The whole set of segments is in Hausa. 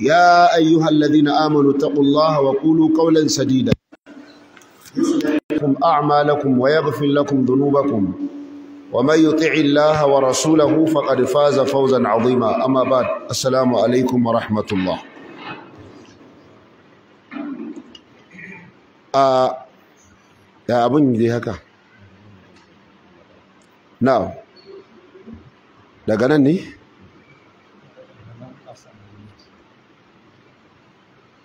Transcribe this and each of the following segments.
يا أيها الذين آمنوا اتقوا الله وقولوا قولا سديدا أعمالكم ويغفر لكم ذنوبكم ومن يطع الله ورسوله فقد فاز فوزا عظيما أما بعد السلام عليكم ورحمة الله آه، يا أبن هكا نعم daga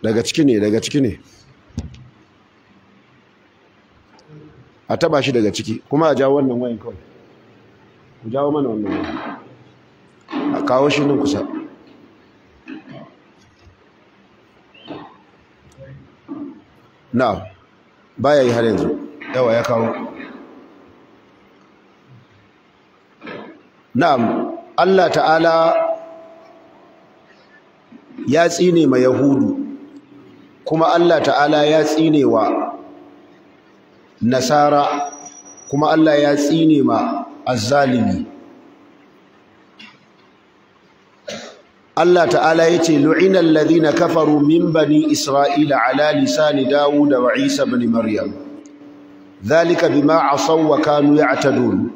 daga ciki ne daga ciki ne a taba shi daga ciki kuma a jawo wannan wayan kawai ku jawo mana wannan wayan a kawo shi nan kusa na baya yi har yanzu yawa ya kawo Na, Allah ta'ala ya tsine ma yahudu kuma Allah ta'ala ya tsine wa nasara kuma Allah ya tsine ma azzalimi Allah ta'ala yace lu'ina alladhina kafaru min bani isra'ila ala lisani Dawud wa Isa ibn Maryam dhalika bima asaw wa kanu ya'tadun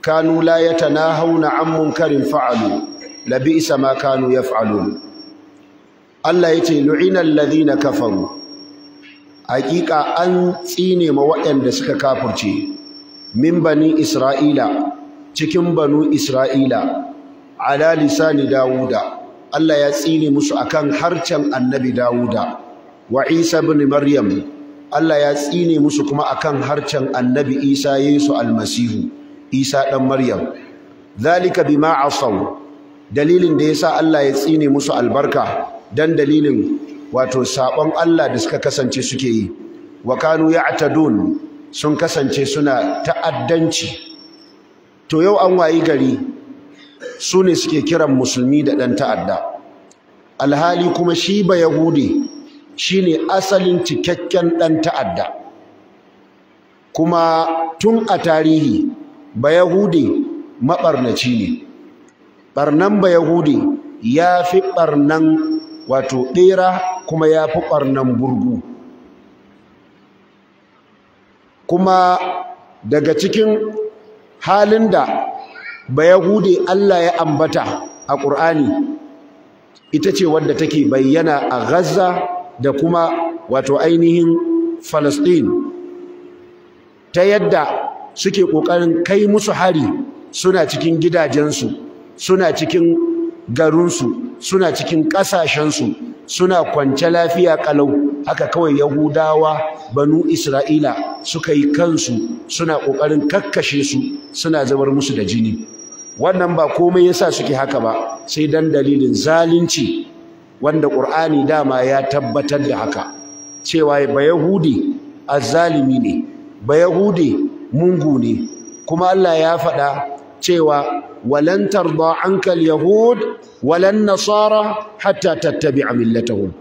kanu la yatanahawna 'an munkarin fa'alu labi'sa ma kanu yaf'alun Allah ya ce lu'inal ladhina kafaru hakika an tsine ma waɗanda suka kafirce min bani isra'ila cikin banu isra'ila ala lisani dawuda Allah ya tsine musu akan harcen annabi dawuda wa isa ibn maryam Allah ya tsine musu kuma akan harcen annabi isa yesu almasihu isa dan maryam zalika bima asaw dalilin da yasa Allah ya tsine musu albarka dan dalilin wato sabon Allah da suka kasance suke yi wa kanu ya'tadun sun kasance suna ta'addanci to yau an wayi gari su ne suke kiran musulmi da dan ta'adda alhali kuma shi ba yahudi shine asalin cikakken dan ta'adda kuma tun a tarihi ba yahudi mabarnaci ne barnan ba yahudi ya fi ɓarnan. wato ɗera kuma ya fi ɓarnan burgu kuma daga cikin halin da bayahude Allah ya ambata a ƙur'ani ita ce wadda take bayyana a Gaza da kuma wato ainihin Falasɗin ta yadda suke ƙoƙarin kai musu hari suna cikin gidajensu suna cikin garinsu suna cikin ƙasashensu suna kwance lafiya ƙalau haka kawai yahudawa banu isra'ila suka yi kansu suna ƙoƙarin kakkashe su suna zubar musu da jini wannan ba komai yasa suke haka ba sai dan dalilin zalunci wanda ƙur'ani dama ya tabbatar da haka cewa ba yahudi azzalimi ne ba yahudi mungu ne kuma Allah ya faɗa cewa walan an kal yahud walan nasara hatta a millatahum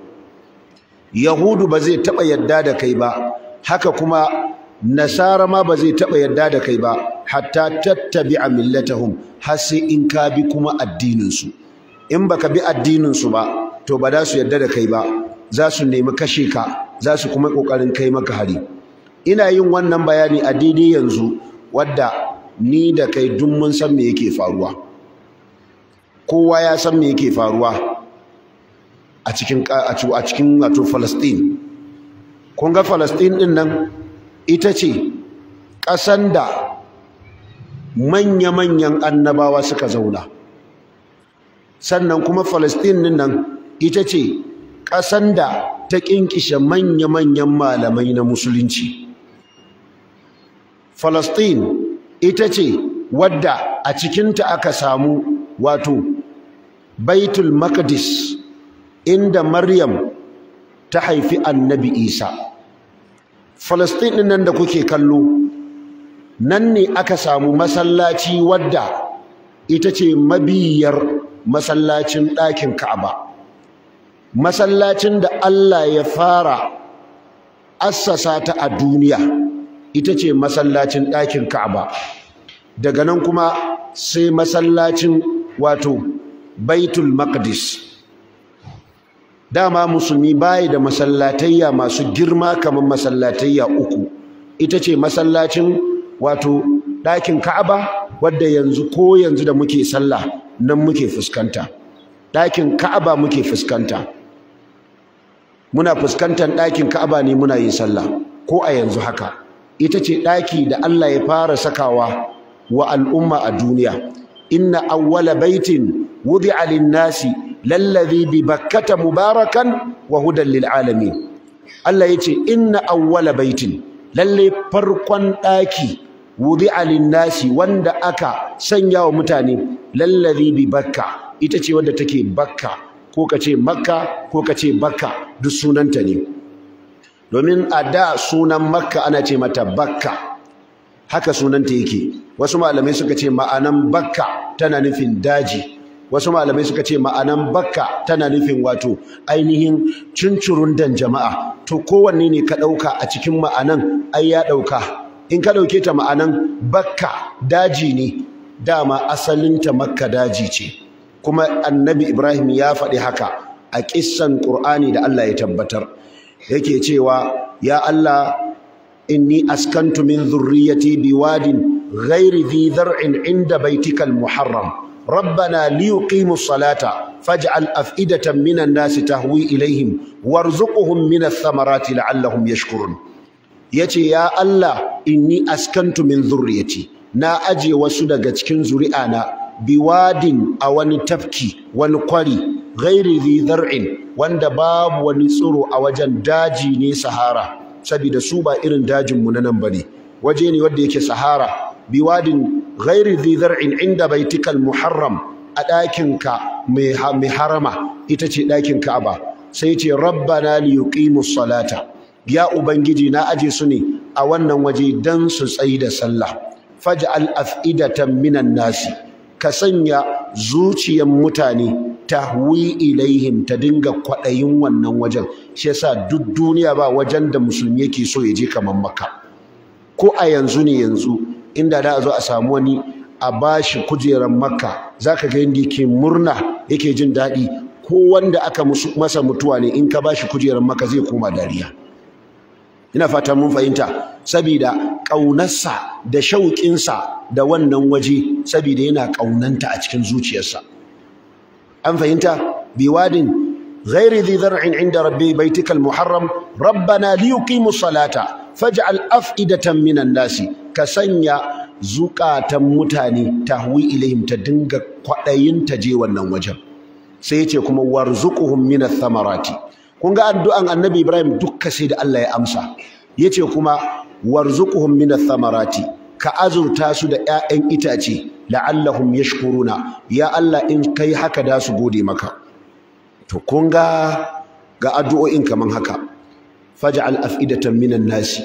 yahudu ba zai taba yadda da kai ba haka kuma nasara ma ba zai taba yadda da kai ba hatta tattabi millatahum har sai in ka bi kuma addininsu. su in baka bi addininsu ba to ba za su yadda da kai ba za su nemi kashe ka za su kuma ƙoƙarin kai maka hari ina yin wannan bayani a daidai yanzu wadda ni da kai duk mun san me yake faruwa kowa ya san me yake faruwa a cikin a cikin wato Palestine kun ga Palestine din nan ita ce ƙasan da manya-manyan annabawa suka zauna sannan kuma Palestine din nan ita ce ƙasan da ta ƙinƙishe manya-manyan malamai na musulunci Palestine ita ce wadda a cikinta aka samu wato baitul makadis inda maryam ta haifi annabi isa falastin nan da kuke kallo nan ne aka samu masallaci wadda ita ce mabiyar masallacin ɗakin ka'aba masallacin da allah ya fara assasa ta a duniya ita ce masallacin ɗakin Ka'aba daga nan kuma sai masallacin wato Baitul Maqdis dama musulmi bayi da masallatayya masu girma kamar masallatayya uku ita ce masallacin wato ɗakin Ka'aba wadda yanzu ko yanzu da muke sallah nan muke fuskanta ɗakin Ka'aba muke fuskanta muna fuskantar ɗakin Ka'aba ne muna yin sallah ko a yanzu haka ita ce ɗaki da Allah ya fara sakawa wa al'umma a duniya inna awwala baitin wudi'a lin-nasi lalladhi bi bakkata mubarakan wa hudan lil alamin Allah yace inna awwala baitin lallai farkon ɗaki wudi'a lin-nasi wanda aka sanya wa mutane lalladhi bi bakka ita ce wadda take bakka ko kace makka ko kace bakka duk sunanta ne domin a da sunan makka ana ce mata bakka haka sunanta yake wasu malamai suka ce ma'anan bakka tana nufin daji wasu malamai suka ce ma'anan bakka tana nufin wato ainihin cincurun dan jama'a to kowanne ne ka ɗauka a cikin ma'anan ai ya ɗauka in ka ɗauke ta ma'anan bakka daji ne dama asalinta makka daji ce kuma annabi ibrahim ya faɗi haka a ƙissan ƙur'ani da allah ya tabbatar yake cewa ya Allah inni askantu min zurriyyati biwadin ghairi dhi dhar'in inda baitikal muharram rabbana liqimus salata faj'al af'idatan minan nasi tahwi ilayhim warzuqhum minath thamarati la'allahum yashkurun yace ya Allah inni askantu min zurriyyati na aje wasu daga cikin zuri'a zuri'ana biwadin a wani tafki wani kwari ghairi dhi zar'in wanda babu wani tsiro a wajen daji ne sahara saboda su ba irin dajin mu na nan bane waje ne wanda yake sahara biwadin ghairi dhi zar'in inda baitikal muharram a ɗakinka mai harama ita ce ɗakin Ka'aba sai ce rabbana li yuqimus salata ya ubangiji na aje su ne a wannan waje dan su tsayi da sallah faj'al af'idatan minan nasi ka sanya zuciyan mutane tahwi ilaihim ta dinga kwaɗayin wannan wajen shi yasa duk duniya ba wajen da musulmi yake so ya je kamar makka ko a yanzu ne yanzu inda da a zo a samu wani a bashi kujerar makka zaka ga yadda yake murna yake jin daɗi ko wanda aka masa mutuwa ne in ka bashi kujerar maka zai koma dariya ina fatan mun fahimta sabida ƙaunarsa da shauƙinsa da wannan waje sabida yana ƙaunanta a cikin zuciyarsa an fahimta biwadin ghairi dhi dhar'in inda rabbi baitikal muharram rabbana liyuqimu salata faj'al af'idatan minan nasi ka sanya zuƙatan mutane tahwi ilaihim ta dinga kwadayin ta je wannan wajen sai yace kuma warzuquhum minath samarati. kun ga addu'an annabi ibrahim dukka sai da Allah ya amsa yace kuma warzuquhum minath samarati. ka azurta su da 'ya'yan itace la'allahum yashkuruna ya Allah in kai haka da su gode maka to kun ga ga addu'o'in kaman haka faj'al af'idatan minan nasi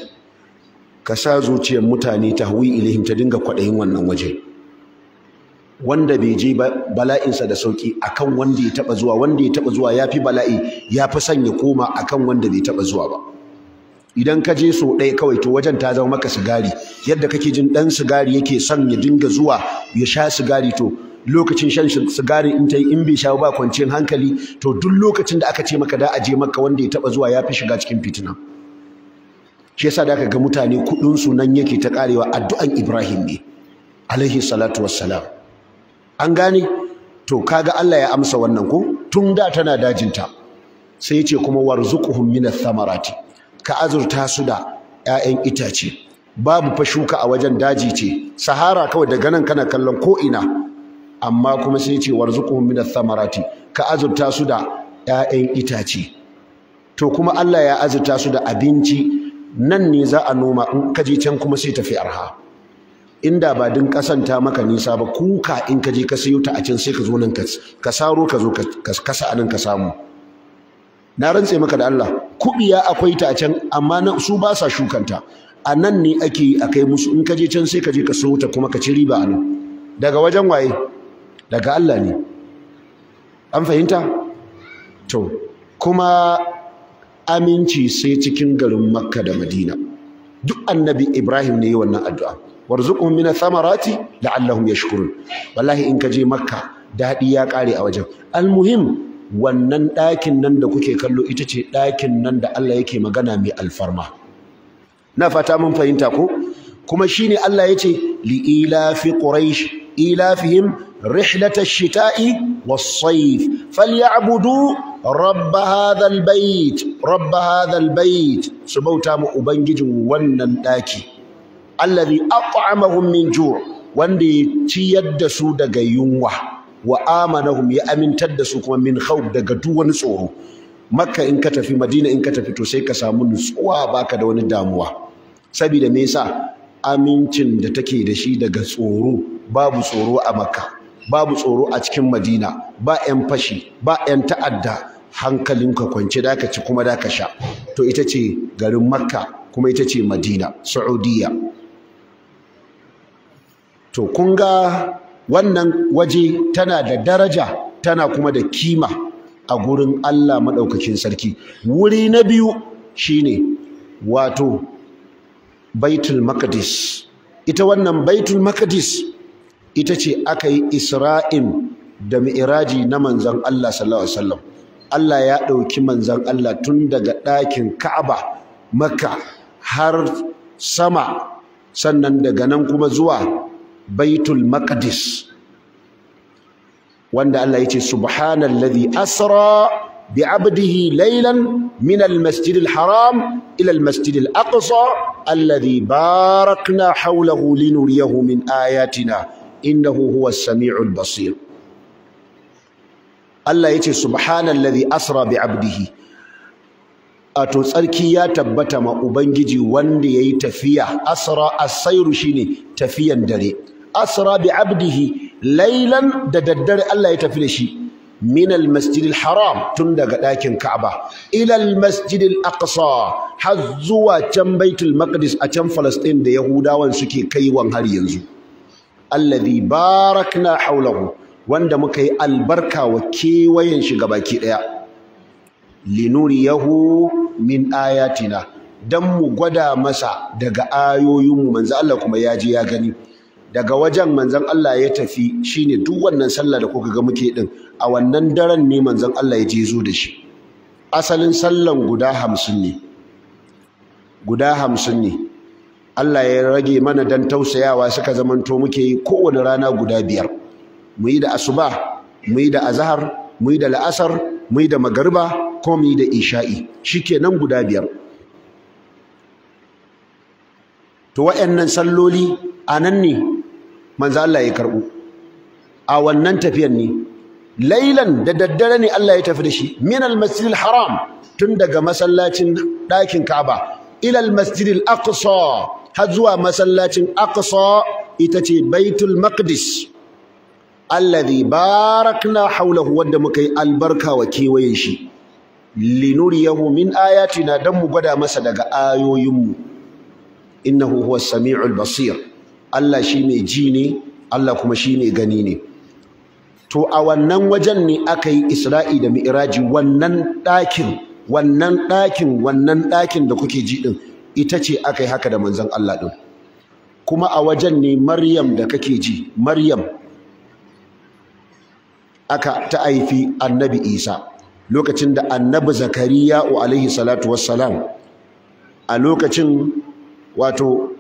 ka sa zuciyar mutane ta tahwi ilaihim ta dinga kwaɗayin wannan waje wanda bai je bala'insa da sauki akan wanda ya taba zuwa wanda ya taba zuwa yafi bala'i ya yafi sanya koma akan wanda bai taba zuwa ba idan ka je so ɗaya kawai to wajen ta zama maka sigari yadda kake jin ɗan sigari yake son ya dinga zuwa ya sha sigari to lokacin shan sigari in ta yi in bai sha ba kwanciyar hankali to duk lokacin da aka ce maka da a je maka wanda ya taɓa zuwa ya fi shiga cikin fitina shi yasa da aka ga mutane kuɗinsu nan yake ta ƙarewa addu'an ibrahim ne alaihi salatu wassalam an gane to kaga Allah ya amsa wannan ko tun da tana dajinta sai ya ce kuma warzuquhum minath thamarati ka azurta su da 'ya'yan itace babu fa shuka a wajen daji ce sahara kawai daga nan kana kallon ko'ina amma kuma sai ce warzuquhum minath samarati ka azurta su da 'ya'yan itace to kuma Allah ya azurta su da abinci nan ne za a noma in ka can kuma sai tafi arha inda ba din kasanta maka nisa ba kuka in ka je ka sayo a can sai ka zo nan ka saro ka zo kasa anan ka samu na rantse maka da Allah kubiya akwai ta can amma su ba sa shukanta a nan ne ake a kai musu in ka je can sai ka ka sauta kuma ka ci riba a nan daga wajen waye daga Allah ne an fahimta to kuma aminci sai cikin garin Makka da Madina duk annabi Ibrahim ne yi wannan addu'a warzuqhum min thamarati la'allahum yashkurun wallahi in ka je Makka daɗi ya ƙare a wajen almuhim wannan ɗakin nan da kuke kallo ita ce ɗakin nan da Allah yake magana mai alfarma na fata mun fahimta ko kuma shine Allah yace li ilafi quraish ilafihim rihlata shitai was fal falyabudu rabb hadha al-bayt rabb hadha al-bayt subauta mu ubangijin wannan ɗaki alladhi at'amahum min ju' wanda ya ciyar da su daga yunwa wa amanahum ya amintar da su kuma min khawf daga duk wani tsoro makka in ka tafi madina in ka tafi to sai ka samu nutsuwa baka da wani damuwa saboda me yasa amincin da take da shi daga tsoro babu tsoro a makka babu tsoro a cikin madina ba 'yan fashi ba 'yan ta'adda hankalinka kwance da ka ci kuma da ka sha to ita ce garin makka kuma ita ce madina saudiya to kun ga wannan waje tana da daraja tana kuma da kima a gurin Allah maɗaukakin sarki wuri na biyu shine wato baitul makadis ita wannan baitul makadis ita ce aka yi isra'in da mi'iraji na manzan Allah sallallahu alaihi wasallam Allah ya ɗauki manzan Allah tun daga ɗakin Ka'aba Makka har sama sannan daga nan kuma zuwa baitul maqdis wanda Allah yace subhanallazi asra bi abdihi laylan min almasjidil haram ila almasjidil aqsa alladhi barakna hawlahu linuriyahu min ayatina innahu huwas samiul basir Allah yace subhanallazi asra bi abdihi ato tsarki ya tabbata ma ubangiji wanda yayi tafiya asra asairu shine tafiyan dare asra bi abdihi laylan da daddare Allah ya tafi da shi min al-masjid al-haram tun daga ɗakin Ka'aba ila al-masjid al-aqsa har zuwa can Baitul Maqdis a can Palestine da Yahudawan suke kaiwan har yanzu alladhi barakna hawlahu wanda muka yi albarka wa kewayen shi gabaki daya linuriyahu min ayatina dan mu gwada masa daga ayoyinmu manzo Allah kuma ya ji ya gani daga wajen manzon Allah ya tafi shine duk wannan sallah da kuka ga muke ɗin. a wannan daren ne manzon Allah ya je zo da shi asalin sallan guda hamsin ne guda hamsin ne Allah ya rage mana dan tausayawa suka zamanto muke yi kowane rana guda biyar mu yi da asuba mu yi da azahar mu yi da la'asar mu yi da magarba ko mu yi da isha'i shikenan guda biyar to wa'annan salloli a nan ne manzo Allah ya karbo a wannan tafiyar ne lailan da daddare ne Allah ya tafi da shi min al haram tun daga masallacin ɗakin Ka'aba ila al-masjidil aqsa har zuwa masallacin aqsa ita ce baitul maqdis alladhi barakna hawlahu wanda muka yi albarka wa kewayen shi linuriyahu min ayatina dan mu gwada masa daga ayoyinmu innahu huwas samiul basir Allah shi mai ji ne Allah kuma shi mai gani ne to a wannan wajen ne aka yi isra'i da miiraji wannan ɗakin wannan ɗakin wannan ɗakin da kuke ji ɗin ita ce aka yi haka da manzon Allah ɗin kuma a wajen ne maryam da kake ji maryam aka ta haifi annabi isa lokacin da annabi zakariya wa alaihi salatu wassalam a lokacin wato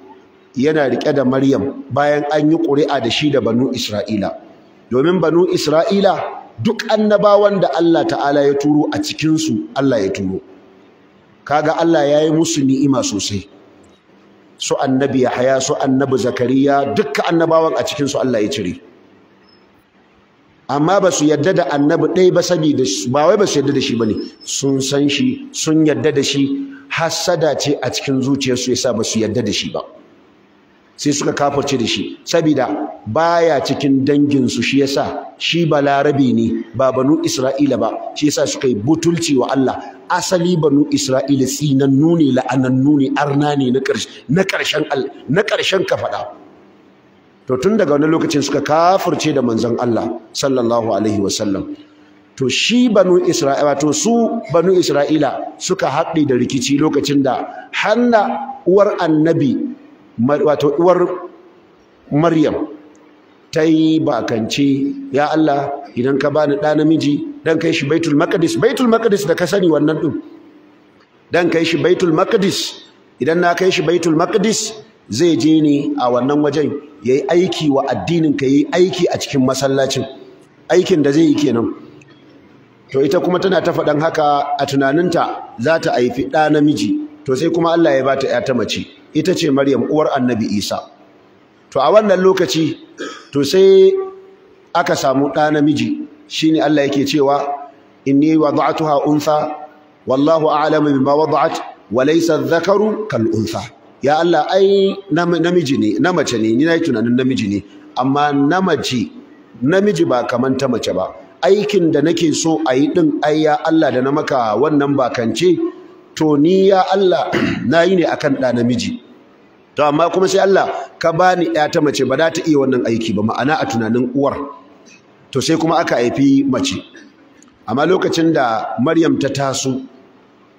yana riƙe da Maryam bayan an yi ƙuri'a da shi da banu Isra'ila domin banu Isra'ila duk annabawan da Allah ta'ala ya turo a cikinsu Allah ya turo kaga Allah ya yi musu ni'ima sosai su annabi Yahaya su annabi Zakariya dukkan annabawan a cikinsu Allah ya cire amma ba su yadda da annabi ɗaya ba saboda ba wai ba su yadda da shi bane sun san shi sun yadda da shi hassada ce a cikin zuciyarsu yasa ba su yadda da shi ba sai suka kafarce da shi saboda baya cikin danginsu shi yasa shi balarabe ne ba banu isra'ila ba shi yasa suka yi butulci wa Allah asali banu isra'ila nuni ne la'anannu nuni arna ne na ƙarshen na ƙarshen ka faɗa to tun daga wani lokacin suka kafirce da manzon Allah sallallahu alaihi wasallam to shi banu isra'ila to su banu isra'ila suka haɗe da rikici lokacin da hanna uwar annabi wato uwar maryam ta yi bakanci ya Allah idan ka bani ɗa namiji ka kai shi baitul makadis baitul makadis da ka sani wannan din ka kai shi baitul makadis idan na kai shi baitul makadis zai je ne a wannan wajen ya yi aiki wa addinin ka yi aiki a cikin masallacin aikin da zai yi kenan to ita kuma tana ta faɗan haka a tunaninta za ta haifi ɗa namiji to sai kuma Allah ya bata ya ta mace ita ce maryam uwar annabi isa to a wannan lokaci to sai aka samu ɗa namiji shine Allah yake cewa inni wada'tuha unsa wallahu a'lamu bima wada'at wa laysa adh-dhakaru kal unsa ya Allah ai namiji ne na mace ne ni nayi tunanin namiji ne amma namaji namiji ba kamar ta mace ba aikin da nake so a yi ɗin ai ya Allah da na maka wannan bakance to ni ya Allah na yi ne akan ɗa namiji to amma kuma sai Allah ka bani ya ta mace ba za ta iya wannan aiki ba ma'ana a tunanin uwar to sai kuma aka haifi mace amma lokacin da Maryam ta taso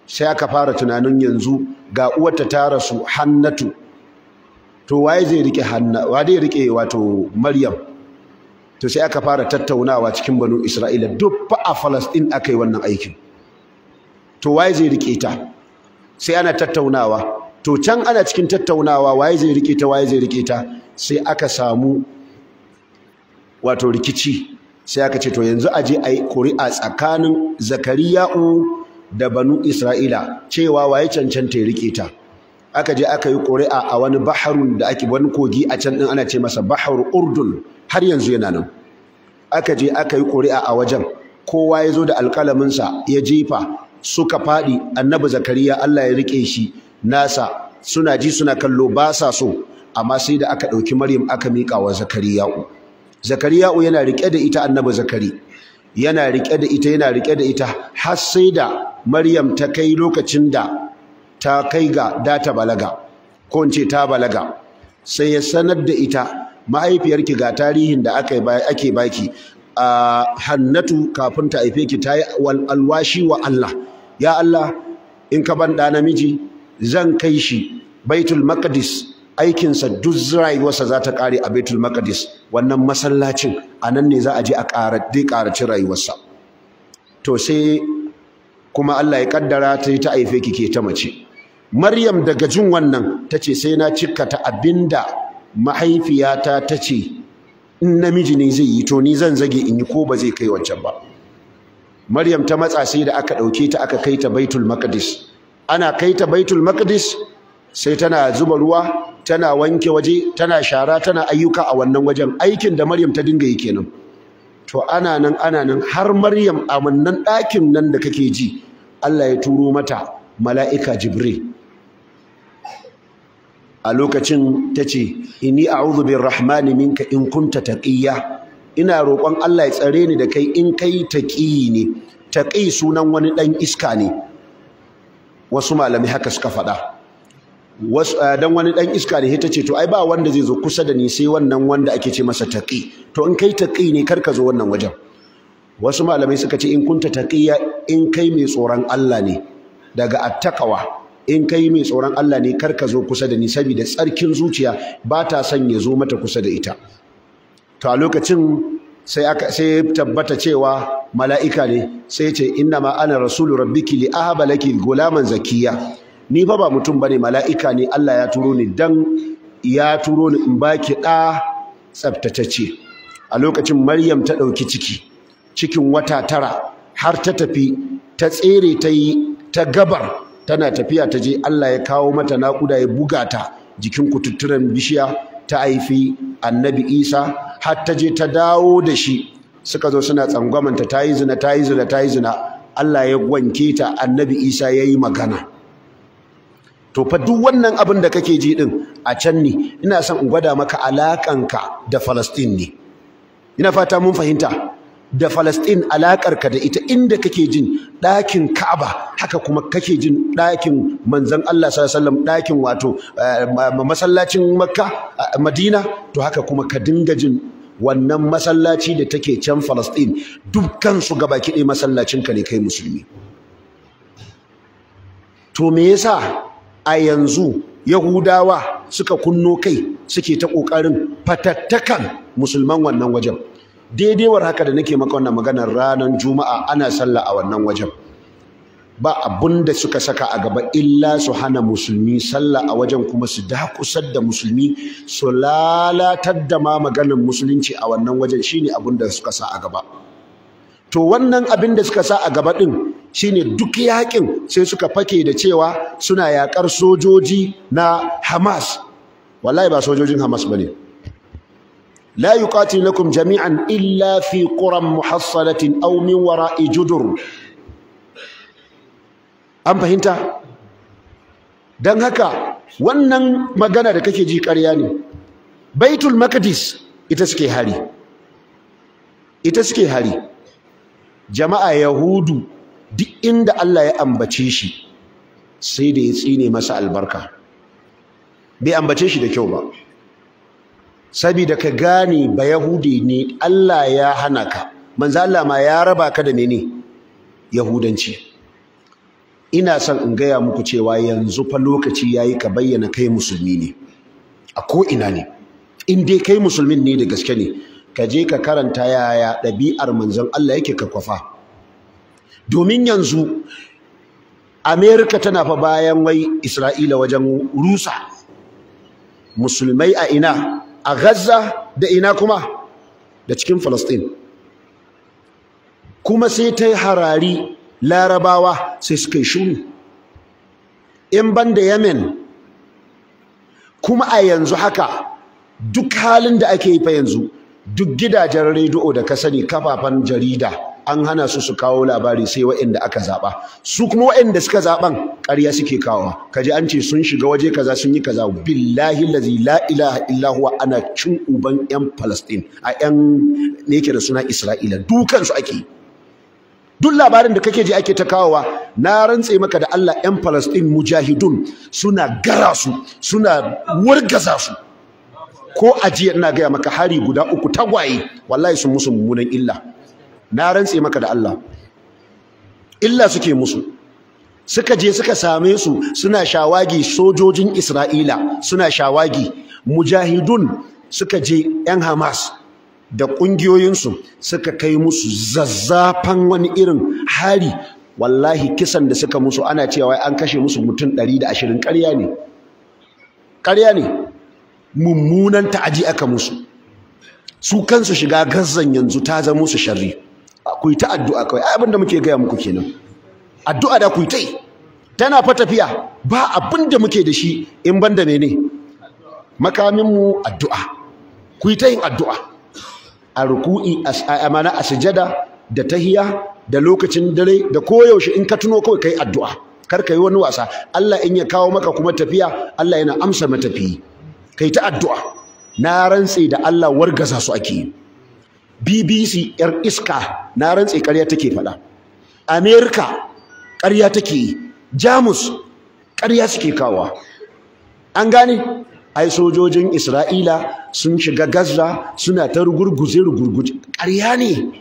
sai aka fara tunanin yanzu ga uwarta ta rasu Hannatu to waye zai rike Hanna wa zai rike wato Maryam to sai aka fara tattaunawa cikin banu Isra'ila duk fa a Palestine akai wannan aikin to waye zai rike ta sai ana tattaunawa to can ana cikin tattaunawa waye zai rike ta waye zai rike ta sai aka samu wato rikici sai aka ce to yanzu a je a yi ƙuri'a tsakanin zakariya'u da banu isra'ila cewa waye cancanta ya rike ta aka je aka yi ƙuri'a a wani baharun da ake wani kogi a can din ana ce masa bahar urdun har yanzu yana nan aka je aka yi ƙuri'a a wajen kowa ya zo da alƙalaminsa ya jefa suka faɗi annabi zakariya Allah ya rike shi nasa suna ji suna kallo ba sa so amma sai da aka ɗauki maryam aka miƙa wa Zakariya zakariya'u yana rike da ita annabi zakari yana rike da ita yana rike da ita har sai da maryam ta kai lokacin da ta kai ga data balaga ko in ta balaga sai ya sanar da ita mahaifiyarki ga tarihin da aka ake baki a hannatu kafin ta haife ki ta yi alwashi wa Allah ya Allah in ka ban namiji zan kai shi baitul maqdis aikinsa duk rayuwarsa za ta kare a baitul maqdis wannan masallacin a nan ne za a je a ƙarace ƙarace rayuwarsa to sai kuma Allah ya kaddara ta ta aife ki ke ta mace Maryam daga jin wannan ta ce sai na cika ta abinda mahaifiyata ta ce in namiji ne zai yi to ni zan zage in yi ko ba zai kai wancan ba maryam ta matsa sai da aka ɗauke ta aka kai ta baitul maqdis ana kaita baitul maqdis sai tana zuba ruwa tana wanke waje tana shara tana ayyuka a wannan wajen aikin da maryam ta dinga yi kenan to ana nan ana nan har maryam a wannan ɗakin nan da kake ji allah ya turo mata mala'ika jibril a lokacin ta ce inni a'udhu birrahmani minka in kunta taqiyya ina roƙon Allah ya tsare ni da kai in kai taƙi ne taƙi sunan wani ɗan iska ne wasu malami haka suka faɗa wasu eh, dan wani ɗan iska ne ta ce to ai ba wanda zai zo kusa da ni sai wannan wanda ake ce masa taƙi. to in kai taƙi ne kar ka zo wannan wajen wasu malamai suka ce in kunta taqiya in kai mai tsoron Allah ne daga attaqwa in kai mai tsoron Allah ne kar ka zo kusa da ni saboda tsarkin zuciya ba ta son ya zo mata kusa da ita to a lokacin sai aka sai tabbata cewa mala'ika ne sai ce inna ma ana rasulu rabbiki li ahaba laki gulaman zakiya ni fa ba mutum bane mala'ika ne Allah ya turo ni dan ya turo ni in baki da tsaftatacce a lokacin Maryam ta dauki ciki cikin wata tara har ta tafi ta tsere ta yi ta gabar tana tafiya ta je Allah ya kawo mata naƙuda ya buga ta jikin kututturen bishiya ta haifi annabi isa har ta je ta dawo da shi suka zo suna tsangwamanta ta yi zina ta yi zina ta yi zina allah ya wanke ta annabi isa ya yi magana to fa duk wannan abin da kake ji din a can ne ina son in gwada maka alaƙanka da falastin ne ina fata mun fahimta da Falastin alaƙarka da ita inda kake jin ɗakin Ka'aba haka kuma kake jin ɗakin manzon Allah sallallahu alaihi ɗakin wato eh, masallacin Makka Madina to haka kuma ka dinga jin wannan masallaci da take can Falastin dukkan su gaba kiɗe masallacin ka ne kai musulmi to me yasa a yanzu Yahudawa suka kunno kai suke ta ƙoƙarin fatattakan musulman wannan wajen daidaiwar haka da nake maka wannan maganar ranar juma'a ana sallah a wannan wajen ba abun da suka saka a gaba illa su hana musulmi sallah a wajen kuma su dakusar da musulmi su lalatar da ma maganar musulunci a wannan wajen shine abun da suka sa a gaba to wannan abin da suka sa a gaba din shine duk yakin sai suka fake da cewa suna yakar sojoji na Hamas wallahi ba sojojin Hamas bane لا يقاتلكم جميعا إلا في قرى محصلة أو من وراء جدر an fahimta don haka wannan magana da kake ji ƙarya ne baitul makadis ita suke hari ita suke hari jama'a yahudu duk inda Allah ya ambace shi sai da ya tsine masa albarka bai ambace shi da kyau ba saboda ka gane ba yahudi ne Allah ya hana ka manzo Allah ma ya raba ka da mene yahudanci ina son in gaya muku cewa yanzu fa lokaci yayi ka bayyana kai musulmi ne a ko ina ne in dai kai musulmin ne da gaske ne ka je ka karanta yaya ɗabi'ar manzon Allah yake ka kwafa domin yanzu Amerika tana fa bayan wai Isra'ila wajen rusa musulmai a ina a Gaza da ina kuma da cikin Falastin kuma sai ta yi harari larabawa sai suka yi shuni in ban da Yemen kuma a yanzu haka duk halin da ake yi fa yanzu duk gidajen rediyo da ka sani kafafen jarida an hana su su kawo labari sai waɗanda aka zaɓa su kuma waɗanda suka zaɓan ƙarya suke kawowa kaji an ce sun shiga waje kaza sun yi kaza billahi lazi la ilaha illa huwa ana cin uban yan palestine a yan ne da suna isra'ila dukan su ake duk labarin da kake ji ake ta kawowa na rantse maka da Allah yan palestine mujahidun suna gara su suna wargaza su ko ajiya na gaya maka hari guda uku tagwaye wallahi sun musu mummunan illa na rantse maka da Allah illa suke musu suka je suka same su suna shawagi sojojin Isra'ila suna shawagi mujahidun suka je yan Hamas da ƙungiyoyinsu suka kai musu zazzafan wani irin hari wallahi kisan da suka musu ana cewa an kashe musu mutum 120 ƙarya ne ƙarya ne mummunan ta'aji aka musu su kansu shiga gazzan yanzu ta zama musu sharri ku yi ta addu'a kawai abin da muke gaya muku kenan addu'a da ku yi ta tana fa tafiya ba abin da muke da shi in banda ne ne makaminmu addu'a ku yi ta yin addu'a a ruku'i a amana a sujada da tahiya da lokacin dare da koyaushe in ka tuno kawai ka yi addu'a kar ka yi wani wasa Allah in ya kawo maka kuma tafiya Allah yana amsa matafiya. kai ta addu'a na rantse da Allah wargaza su ake yi bbc yar iska na rantse ƙarya take faɗa Amerika ƙarya take yi jamus ƙarya suke kawa an gane ai sojojin isra'ila sun shiga gaza suna ta rugurguze rugurguje ƙarya ne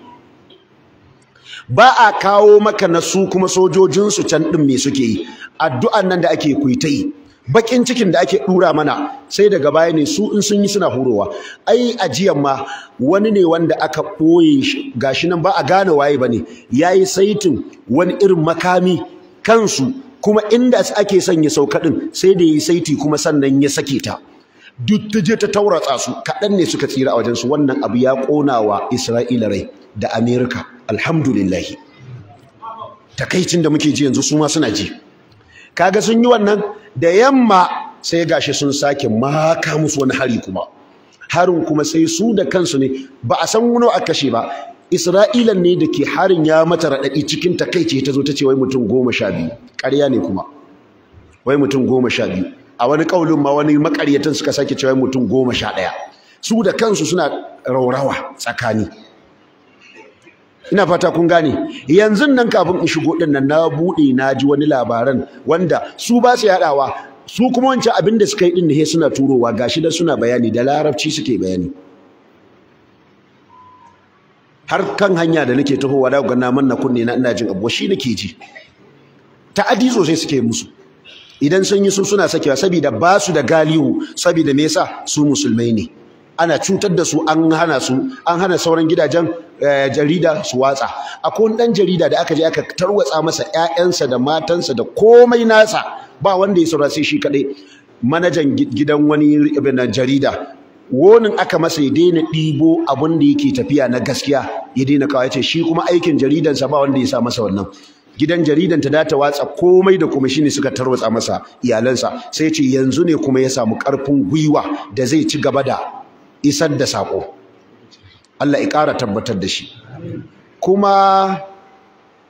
ba a kawo maka na su kuma sojojinsu can ɗin me suke yi addu'an nan da ake kuitai bakin cikin da ake dura mana sai daga baya ne su in sun yi suna hurowa ai ajiyan ma wani ne wanda aka ɓoye shi gashi nan ba a gane waye bane yayi saitin wani irin makami kansu kuma inda ake son ya sauka din sai da yayi saiti kuma sannan ya sake ta duk ta ta tauratsa su kaɗan ne suka tsira a su wannan abu ya ƙona wa isra'ila rai da amerika alhamdulillah. takaicin da muke ji yanzu su ma suna ji kaga sun yi wannan da yamma sai gashi sun sake maka musu wani hari kuma harin kuma sai su da kansu ne ba a san wani a kashe ba isra'ilan ne da ke harin ya mata raɗaɗi cikin takaici ta zo ta ce wai mutum goma sha biyu ƙarya ne kuma wai mutum goma sha biyu a wani ƙaunin ma wani makaryatan suka sake cewa mutum goma sha ɗaya su da kansu suna raurawa tsakani ina fata kun gane yanzu nan kafin in shigo din nan na bude na ji wani labaran wanda su ba su yadawa su kuma wancan abin da suka yi din ne suna turowa gashi da suna bayani da larabci suke bayani har kan hanya da nake tahowa da ga naman na kunne na ina jin abuwa shi nake ji ta'adi sosai suke musu idan sun yi su suna sakewa saboda ba su da galihu saboda me yasa su musulmai ne ana cutar da su an hana su an hana sauran gidajen eh, jarida su watsa akwai wani dan jarida da aka je aka tarwatsa masa ƴaƴansa da matansa da komai nasa ba wanda ya saura sai shi kadai manajan gidan wani jarida wonin aka masa ya daina ɗibo abun da yake tafiya na gaskiya ya daina kawo ya ce shi kuma aikin jaridansa ba wanda ya sa masa wannan gidan jaridan ta data watsa komai da kuma shine suka tarwatsa masa iyalansa sai ce yanzu ne kuma ya samu ƙarfin gwiwa da zai ci gaba da isar da saƙo Allah ya ƙara tabbatar da shi kuma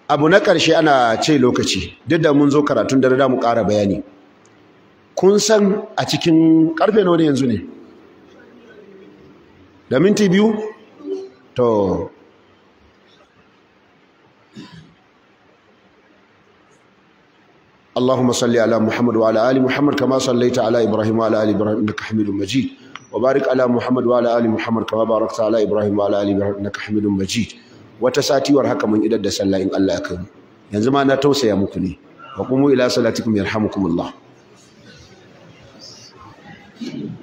abu na ƙarshe ana ce lokaci duk da mun zo karatun dare da mu ƙara bayani kun san a cikin ƙarfe nawa ne yanzu ne da minti biyu to اللهم صل على محمد وعلى ال محمد كما صليت على ابراهيم وعلى ال ابراهيم انك حميد مجيد وبارك على محمد وعلى ال محمد كما باركت على ابراهيم وعلى ال ابراهيم انك حميد مجيد wata sati war haka mun idar da sallah in Allah ya kai yanzu ma na tausaya muku ne wa qumu ila salatikum yarhamukumullah